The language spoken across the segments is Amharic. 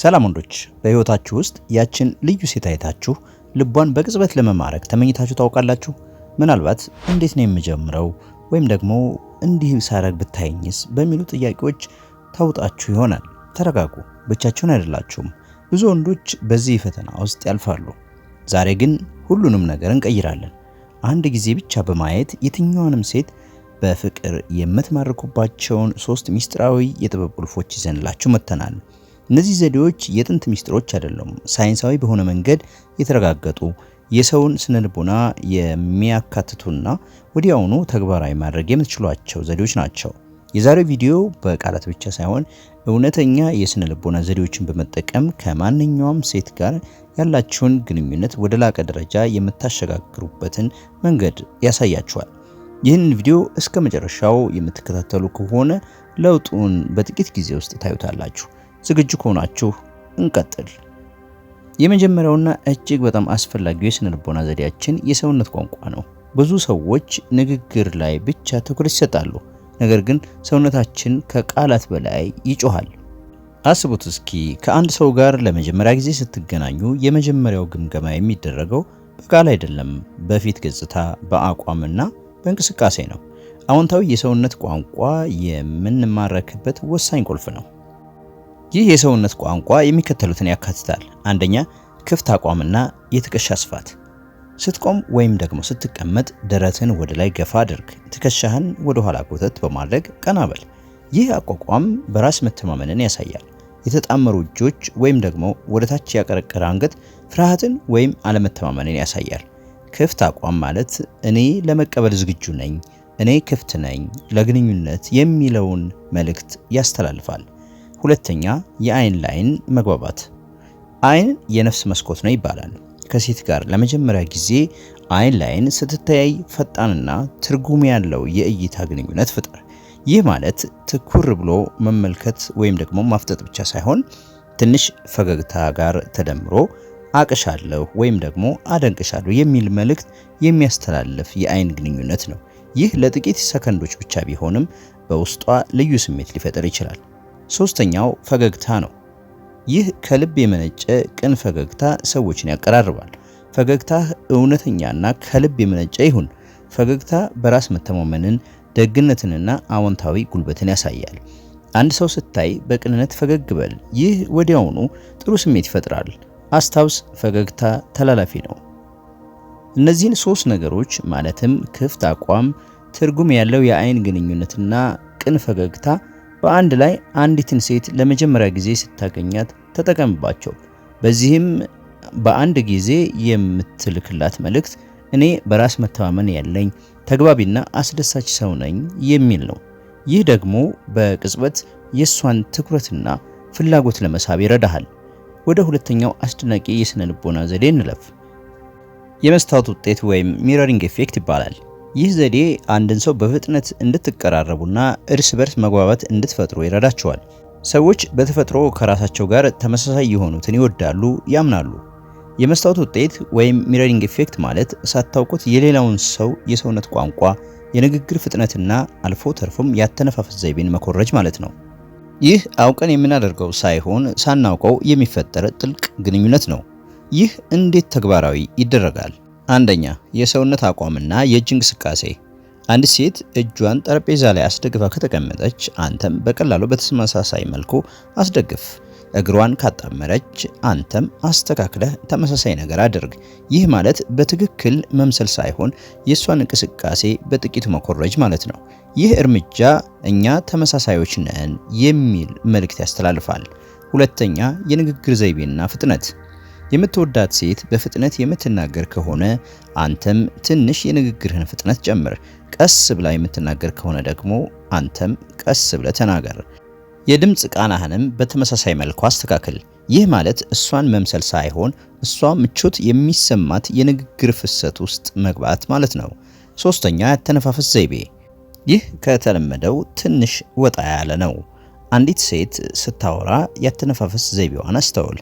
ሰላም ወንዶች፣ በህይወታችሁ ውስጥ ያችን ልዩ ሴት አይታችሁ ልቧን በቅጽበት ለመማረክ ተመኝታችሁ ታውቃላችሁ? ምናልባት እንዴት ነው የምጀምረው ወይም ደግሞ እንዲህ ሳረግ ብታየኝስ በሚሉ ጥያቄዎች ታውጣችሁ ይሆናል። ተረጋጉ፣ ብቻችሁን አይደላችሁም። ብዙ ወንዶች በዚህ ፈተና ውስጥ ያልፋሉ። ዛሬ ግን ሁሉንም ነገር እንቀይራለን። አንድ ጊዜ ብቻ በማየት የትኛዋንም ሴት በፍቅር የምትማርኩባቸውን ሶስት ሚስጥራዊ የጥበብ ቁልፎች ይዘንላችሁ መጥተናል። እነዚህ ዘዴዎች የጥንት ሚስጥሮች አይደሉም። ሳይንሳዊ በሆነ መንገድ የተረጋገጡ የሰውን ስነ ልቦና የሚያካትቱና ወዲያውኑ ተግባራዊ ማድረግ የምትችሏቸው ዘዴዎች ናቸው። የዛሬው ቪዲዮ በቃላት ብቻ ሳይሆን እውነተኛ የስነ ልቦና ዘዴዎችን በመጠቀም ከማንኛውም ሴት ጋር ያላችሁን ግንኙነት ወደ ላቀ ደረጃ የምታሸጋግሩበትን መንገድ ያሳያችኋል። ይህንን ቪዲዮ እስከ መጨረሻው የምትከታተሉ ከሆነ ለውጡን በጥቂት ጊዜ ውስጥ ታዩታላችሁ። ዝግጁ ከሆናችሁ እንቀጥል። የመጀመሪያውና እጅግ በጣም አስፈላጊው የስነ ልቦና ዘዴያችን የሰውነት ቋንቋ ነው። ብዙ ሰዎች ንግግር ላይ ብቻ ትኩረት ይሰጣሉ፣ ነገር ግን ሰውነታችን ከቃላት በላይ ይጮሃል። አስቡት እስኪ ከአንድ ሰው ጋር ለመጀመሪያ ጊዜ ስትገናኙ የመጀመሪያው ግምገማ የሚደረገው በቃል አይደለም፣ በፊት ገጽታ፣ በአቋምና በእንቅስቃሴ ነው። አዎንታዊ የሰውነት ቋንቋ የምንማረክበት ወሳኝ ቁልፍ ነው። ይህ የሰውነት ቋንቋ የሚከተሉትን ያካትታል። አንደኛ ክፍት አቋምና የትከሻ ስፋት። ስትቆም ወይም ደግሞ ስትቀመጥ ደረትን ወደ ላይ ገፋ አድርግ፣ ትከሻህን ወደ ኋላ ጎተት በማድረግ ቀና በል። ይህ አቋቋም በራስ መተማመንን ያሳያል። የተጣመሩ እጆች ወይም ደግሞ ወደ ታች ያቀረቀረ አንገት ፍርሃትን ወይም አለመተማመንን ያሳያል። ክፍት አቋም ማለት እኔ ለመቀበል ዝግጁ ነኝ፣ እኔ ክፍት ነኝ ለግንኙነት የሚለውን መልእክት ያስተላልፋል። ሁለተኛ የአይን ላይን መግባባት። አይን የነፍስ መስኮት ነው ይባላል። ከሴት ጋር ለመጀመሪያ ጊዜ አይን ላይን ስትተያይ ፈጣንና ትርጉም ያለው የእይታ ግንኙነት ፍጠር። ይህ ማለት ትኩር ብሎ መመልከት ወይም ደግሞ ማፍጠጥ ብቻ ሳይሆን ትንሽ ፈገግታ ጋር ተደምሮ አቅሻለሁ ወይም ደግሞ አደንቅሻለሁ የሚል መልእክት የሚያስተላልፍ የአይን ግንኙነት ነው። ይህ ለጥቂት ሰከንዶች ብቻ ቢሆንም በውስጧ ልዩ ስሜት ሊፈጠር ይችላል። ሶስተኛው ፈገግታ ነው። ይህ ከልብ የመነጨ ቅን ፈገግታ ሰዎችን ያቀራርባል። ፈገግታህ እውነተኛና ከልብ የመነጨ ይሁን። ፈገግታ በራስ መተማመንን፣ ደግነትንና አዎንታዊ ጉልበትን ያሳያል። አንድ ሰው ስታይ በቅንነት ፈገግ በል። ይህ ወዲያውኑ ጥሩ ስሜት ይፈጥራል። አስታውስ፣ ፈገግታ ተላላፊ ነው። እነዚህን ሶስት ነገሮች ማለትም ክፍት አቋም፣ ትርጉም ያለው የአይን ግንኙነትና ቅን ፈገግታ በአንድ ላይ አንዲትን ሴት ለመጀመሪያ ጊዜ ስታገኛት ተጠቀምባቸው። በዚህም በአንድ ጊዜ የምትልክላት መልእክት እኔ በራስ መተማመን ያለኝ ተግባቢና አስደሳች ሰው ነኝ የሚል ነው። ይህ ደግሞ በቅጽበት የእሷን ትኩረትና ፍላጎት ለመሳብ ይረዳሃል። ወደ ሁለተኛው አስደናቂ የስነ ልቦና ዘዴ እንለፍ። የመስታወት ውጤት ወይም ሚረሪንግ ኢፌክት ይባላል። ይህ ዘዴ አንድን ሰው በፍጥነት እንድትቀራረቡና እርስ በርስ መግባባት እንድትፈጥሩ ይረዳቸዋል። ሰዎች በተፈጥሮ ከራሳቸው ጋር ተመሳሳይ የሆኑትን ይወዳሉ፣ ያምናሉ። የመስታወት ውጤት ወይም ሚረሪንግ ኢፌክት ማለት ሳታውቁት የሌላውን ሰው የሰውነት ቋንቋ፣ የንግግር ፍጥነትና አልፎ ተርፎም ያተነፋፈስ ዘይቤን መኮረጅ ማለት ነው። ይህ አውቀን የምናደርገው ሳይሆን ሳናውቀው የሚፈጠር ጥልቅ ግንኙነት ነው። ይህ እንዴት ተግባራዊ ይደረጋል? አንደኛ የሰውነት አቋምና የእጅ እንቅስቃሴ። አንዲት ሴት እጇን ጠረጴዛ ላይ አስደግፋ ከተቀመጠች አንተም በቀላሉ በተመሳሳይ መልኩ አስደግፍ። እግሯን ካጣመረች አንተም አስተካክለህ ተመሳሳይ ነገር አድርግ። ይህ ማለት በትክክል መምሰል ሳይሆን የእሷን እንቅስቃሴ በጥቂቱ መኮረጅ ማለት ነው። ይህ እርምጃ እኛ ተመሳሳዮች ነን የሚል መልእክት ያስተላልፋል። ሁለተኛ የንግግር ዘይቤና ፍጥነት የምትወዳት ሴት በፍጥነት የምትናገር ከሆነ አንተም ትንሽ የንግግርህን ፍጥነት ጨምር። ቀስ ብላ የምትናገር ከሆነ ደግሞ አንተም ቀስ ብለ ተናገር። የድምፅ ቃናህንም በተመሳሳይ መልኩ አስተካክል። ይህ ማለት እሷን መምሰል ሳይሆን እሷ ምቾት የሚሰማት የንግግር ፍሰት ውስጥ መግባት ማለት ነው። ሶስተኛ ያተነፋፈስ ዘይቤ። ይህ ከተለመደው ትንሽ ወጣ ያለ ነው። አንዲት ሴት ስታወራ ያተነፋፈስ ዘይቤዋን አስተውል።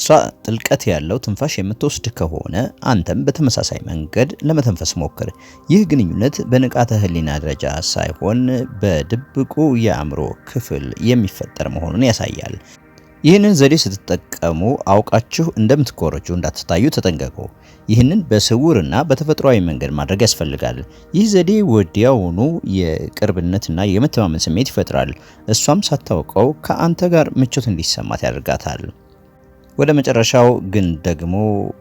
እሷ ጥልቀት ያለው ትንፋሽ የምትወስድ ከሆነ አንተም በተመሳሳይ መንገድ ለመተንፈስ ሞክር። ይህ ግንኙነት በንቃተ ህሊና ደረጃ ሳይሆን በድብቁ የአእምሮ ክፍል የሚፈጠር መሆኑን ያሳያል። ይህንን ዘዴ ስትጠቀሙ አውቃችሁ እንደምትኮረጁ እንዳትታዩ ተጠንቀቁ። ይህንን በስውርና በተፈጥሯዊ መንገድ ማድረግ ያስፈልጋል። ይህ ዘዴ ወዲያውኑ የቅርብነትና የመተማመን ስሜት ይፈጥራል። እሷም ሳታውቀው ከአንተ ጋር ምቾት እንዲሰማት ያደርጋታል። ወደ መጨረሻው ግን ደግሞ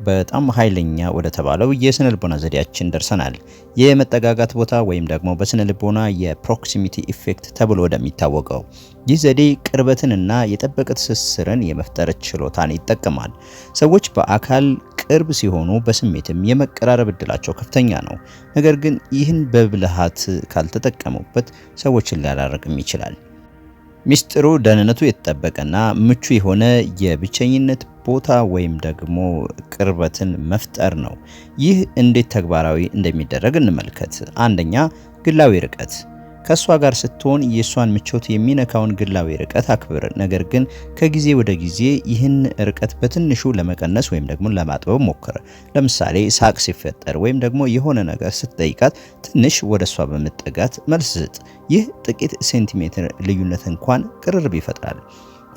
በጣም ኃይለኛ ወደ ተባለው የስነ ልቦና ዘዴያችን ደርሰናል። የመጠጋጋት ቦታ ወይም ደግሞ በስነ ልቦና የፕሮክሲሚቲ ኢፌክት ተብሎ ወደሚታወቀው ይህ ዘዴ ቅርበትንና የጠበቀ ትስስርን የመፍጠር ችሎታን ይጠቀማል። ሰዎች በአካል ቅርብ ሲሆኑ በስሜትም የመቀራረብ እድላቸው ከፍተኛ ነው። ነገር ግን ይህን በብልሃት ካልተጠቀሙበት ሰዎችን ሊያራርቅም ይችላል። ሚስጥሩ ደህንነቱ የተጠበቀና ምቹ የሆነ የብቸኝነት ቦታ ወይም ደግሞ ቅርበትን መፍጠር ነው። ይህ እንዴት ተግባራዊ እንደሚደረግ እንመልከት። አንደኛ ግላዊ ርቀት ከእሷ ጋር ስትሆን የእሷን ምቾት የሚነካውን ግላዊ ርቀት አክብር። ነገር ግን ከጊዜ ወደ ጊዜ ይህን ርቀት በትንሹ ለመቀነስ ወይም ደግሞ ለማጥበብ ሞክር። ለምሳሌ ሳቅ ሲፈጠር ወይም ደግሞ የሆነ ነገር ስትጠይቃት ትንሽ ወደ እሷ በመጠጋት መልስ ስጥ። ይህ ጥቂት ሴንቲሜትር ልዩነት እንኳን ቅርርብ ይፈጥራል።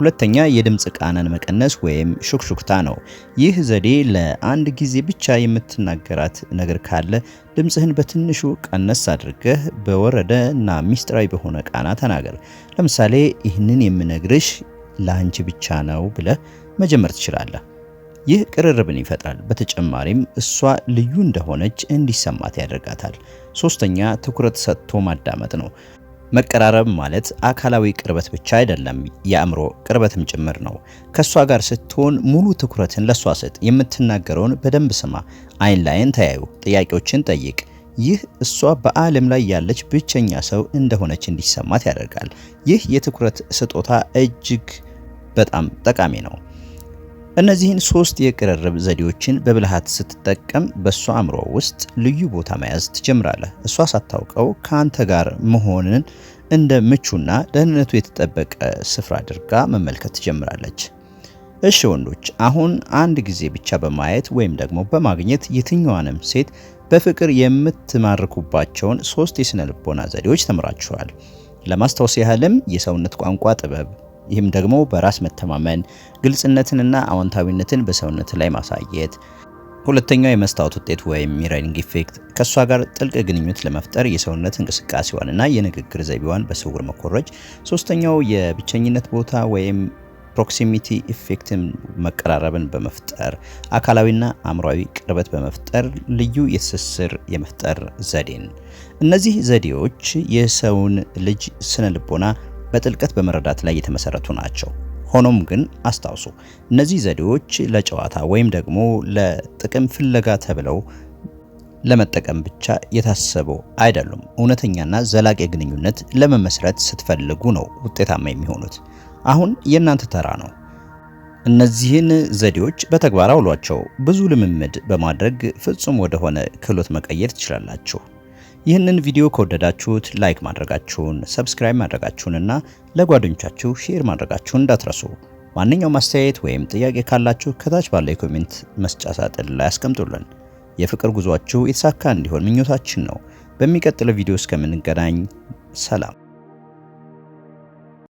ሁለተኛ የድምፅ ቃናን መቀነስ ወይም ሹክሹክታ ነው። ይህ ዘዴ ለአንድ ጊዜ ብቻ የምትናገራት ነገር ካለ ድምፅህን በትንሹ ቀነስ አድርገህ በወረደ እና ሚስጥራዊ በሆነ ቃና ተናገር። ለምሳሌ ይህንን የምነግርሽ ለአንቺ ብቻ ነው ብለህ መጀመር ትችላለህ። ይህ ቅርርብን ይፈጥራል። በተጨማሪም እሷ ልዩ እንደሆነች እንዲሰማት ያደርጋታል። ሶስተኛ ትኩረት ሰጥቶ ማዳመጥ ነው። መቀራረብ ማለት አካላዊ ቅርበት ብቻ አይደለም፣ የአእምሮ ቅርበትም ጭምር ነው። ከእሷ ጋር ስትሆን ሙሉ ትኩረትን ለእሷ ስጥ። የምትናገረውን በደንብ ስማ። አይን ላይን ተያዩ፣ ጥያቄዎችን ጠይቅ። ይህ እሷ በዓለም ላይ ያለች ብቸኛ ሰው እንደሆነች እንዲሰማት ያደርጋል። ይህ የትኩረት ስጦታ እጅግ በጣም ጠቃሚ ነው። እነዚህን ሶስት የቅርርብ ዘዴዎችን በብልሃት ስትጠቀም በእሷ አእምሮ ውስጥ ልዩ ቦታ መያዝ ትጀምራለህ። እሷ ሳታውቀው ከአንተ ጋር መሆንን እንደ ምቹና ደህንነቱ የተጠበቀ ስፍራ አድርጋ መመልከት ትጀምራለች። እሺ ወንዶች፣ አሁን አንድ ጊዜ ብቻ በማየት ወይም ደግሞ በማግኘት የትኛዋንም ሴት በፍቅር የምትማርኩባቸውን ሶስት የስነ ልቦና ዘዴዎች ተምራችኋል። ለማስታወስ ያህልም የሰውነት ቋንቋ ጥበብ ይህም ደግሞ በራስ መተማመን፣ ግልጽነትንና አዎንታዊነትን በሰውነት ላይ ማሳየት። ሁለተኛው የመስታወት ውጤት ወይም ሚረሪንግ ኢፌክት ከእሷ ጋር ጥልቅ ግንኙነት ለመፍጠር የሰውነት እንቅስቃሴዋንና የንግግር ዘይቤዋን በስውር መኮረጅ። ሶስተኛው የብቸኝነት ቦታ ወይም ፕሮክሲሚቲ ኢፌክትን መቀራረብን በመፍጠር አካላዊና አእምሯዊ ቅርበት በመፍጠር ልዩ የትስስር የመፍጠር ዘዴን። እነዚህ ዘዴዎች የሰውን ልጅ ስነ ልቦና በጥልቀት በመረዳት ላይ የተመሰረቱ ናቸው። ሆኖም ግን አስታውሱ፣ እነዚህ ዘዴዎች ለጨዋታ ወይም ደግሞ ለጥቅም ፍለጋ ተብለው ለመጠቀም ብቻ የታሰቡ አይደሉም። እውነተኛና ዘላቂ ግንኙነት ለመመስረት ስትፈልጉ ነው ውጤታማ የሚሆኑት። አሁን የእናንተ ተራ ነው። እነዚህን ዘዴዎች በተግባር አውሏቸው። ብዙ ልምምድ በማድረግ ፍጹም ወደሆነ ክህሎት መቀየር ትችላላችሁ። ይህንን ቪዲዮ ከወደዳችሁት ላይክ ማድረጋችሁን፣ ሰብስክራይብ ማድረጋችሁንና ለጓደኞቻችሁ ሼር ማድረጋችሁን እንዳትረሱ። ማንኛውም አስተያየት ወይም ጥያቄ ካላችሁ ከታች ባለው የኮሜንት መስጫ ሳጥን ላይ አስቀምጡልን። የፍቅር ጉዟችሁ የተሳካ እንዲሆን ምኞታችን ነው። በሚቀጥለው ቪዲዮ እስከምንገናኝ ሰላም።